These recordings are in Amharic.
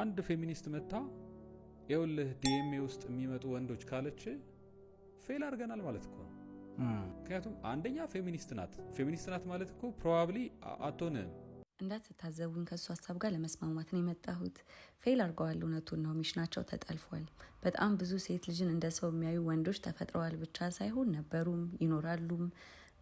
አንድ ፌሚኒስት መታ የውልህ ዲኤምኤ ውስጥ የሚመጡ ወንዶች ካለች ፌል አድርገናል ማለት እኮ ነው። ምክንያቱም አንደኛ ፌሚኒስት ናት። ፌሚኒስት ናት ማለት እኮ ፕሮባብሊ አትሆንም። እንዳትታዘቡኝ ከእሱ ሀሳብ ጋር ለመስማማት ነው የመጣሁት። ፌል አድርገዋል፣ እውነቱን ነው። ሚሽናቸው ተጠልፏል። በጣም ብዙ ሴት ልጅን እንደ ሰው የሚያዩ ወንዶች ተፈጥረዋል ብቻ ሳይሆን ነበሩም ይኖራሉም።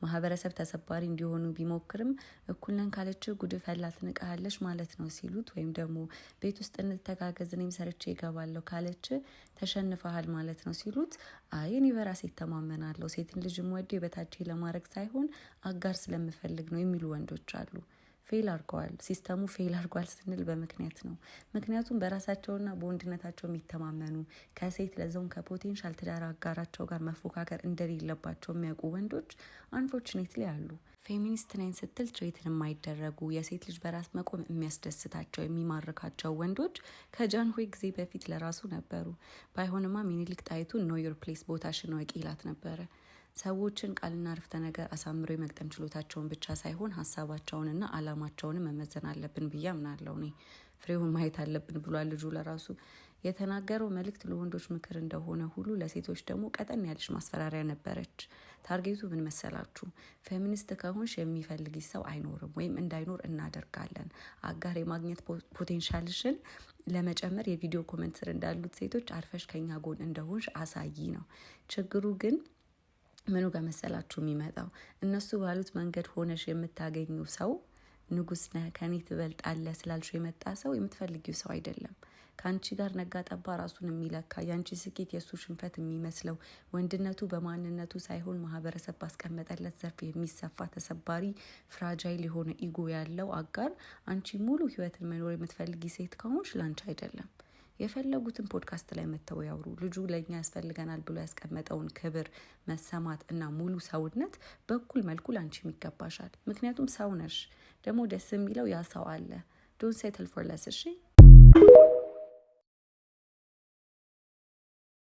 ማህበረሰብ ተሰባሪ እንዲሆኑ ቢሞክርም እኩል ካለች ጉድ ፈላ ትንቀሃለች ማለት ነው ሲሉት፣ ወይም ደግሞ ቤት ውስጥ እንተጋገዝ እኔም ሰርቼ ይገባለሁ ካለች ተሸንፈሃል ማለት ነው ሲሉት፣ አይ እኔ በራሴ ይተማመናለሁ ሴትን ልጅ ወዴ በታች ለማድረግ ሳይሆን አጋር ስለምፈልግ ነው የሚሉ ወንዶች አሉ። ፌል አድርገዋል። ሲስተሙ ፌል አድርጓል ስንል በምክንያት ነው። ምክንያቱም በራሳቸውና በወንድነታቸው የሚተማመኑ ከሴት ለዛውም ከፖቴንሻል ትዳር አጋራቸው ጋር መፎካከር እንደሌለባቸው የሚያውቁ ወንዶች አንፎርችኔትሊ አሉ። ፌሚኒስት ነኝ ስትል ትሬትን የማይደረጉ የሴት ልጅ በራስ መቆም የሚያስደስታቸው የሚማርካቸው ወንዶች ከጃን ሆይ ጊዜ በፊት ለራሱ ነበሩ። ባይሆንማ ሚኒሊክ ጣይቱ ኖ ዮር ፕሌስ ቦታሽን እወቂ ይላት ነበረ። ሰዎችን ቃልና ርፍተ ነገር አሳምሮ የመግጠም ችሎታቸውን ብቻ ሳይሆን ሀሳባቸውንና አላማቸውን መመዘን አለብን ብዬ አምናለሁ። እኔ ፍሬውን ማየት አለብን ብሏል ልጁ ለራሱ የተናገረው መልእክት ለወንዶች ምክር እንደሆነ ሁሉ ለሴቶች ደግሞ ቀጠን ያለች ማስፈራሪያ ነበረች። ታርጌቱ ምን መሰላችሁ? ፌሚኒስት ከሆንሽ የሚፈልግ ሰው አይኖርም ወይም እንዳይኖር እናደርጋለን። አጋር የማግኘት ፖቴንሻልሽን ለመጨመር የቪዲዮ ኮመንት ስር እንዳሉት ሴቶች አርፈሽ ከኛ ጎን እንደሆንሽ አሳይ ነው። ችግሩ ግን ምኑ ጋር መሰላችሁ የሚመጣው እነሱ ባሉት መንገድ ሆነሽ የምታገኘው ሰው ንጉስ ነህ ከኔ ትበልጣለህ ስላልሽ የመጣ ሰው የምትፈልጊው ሰው አይደለም። ከአንቺ ጋር ነጋ ጠባ ራሱን የሚለካ የአንቺ ስኬት የእሱ ሽንፈት የሚመስለው ወንድነቱ በማንነቱ ሳይሆን ማህበረሰብ ባስቀመጠለት ዘርፍ የሚሰፋ ተሰባሪ ፍራጃይል የሆነ ኢጎ ያለው አጋር አንቺ ሙሉ ህይወትን መኖር የምትፈልጊ ሴት ከሆንሽ ላንቺ አይደለም። የፈለጉትን ፖድካስት ላይ መጥተው ያውሩ። ልጁ ለእኛ ያስፈልገናል ብሎ ያስቀመጠውን ክብር፣ መሰማት እና ሙሉ ሰውነት በኩል መልኩ ላንቺም ይገባሻል። ምክንያቱም ሰው ነሽ። ደግሞ ደስ የሚለው ያ ሰው አለ። ዶንት ሴትል ፎር ለስ እሺ።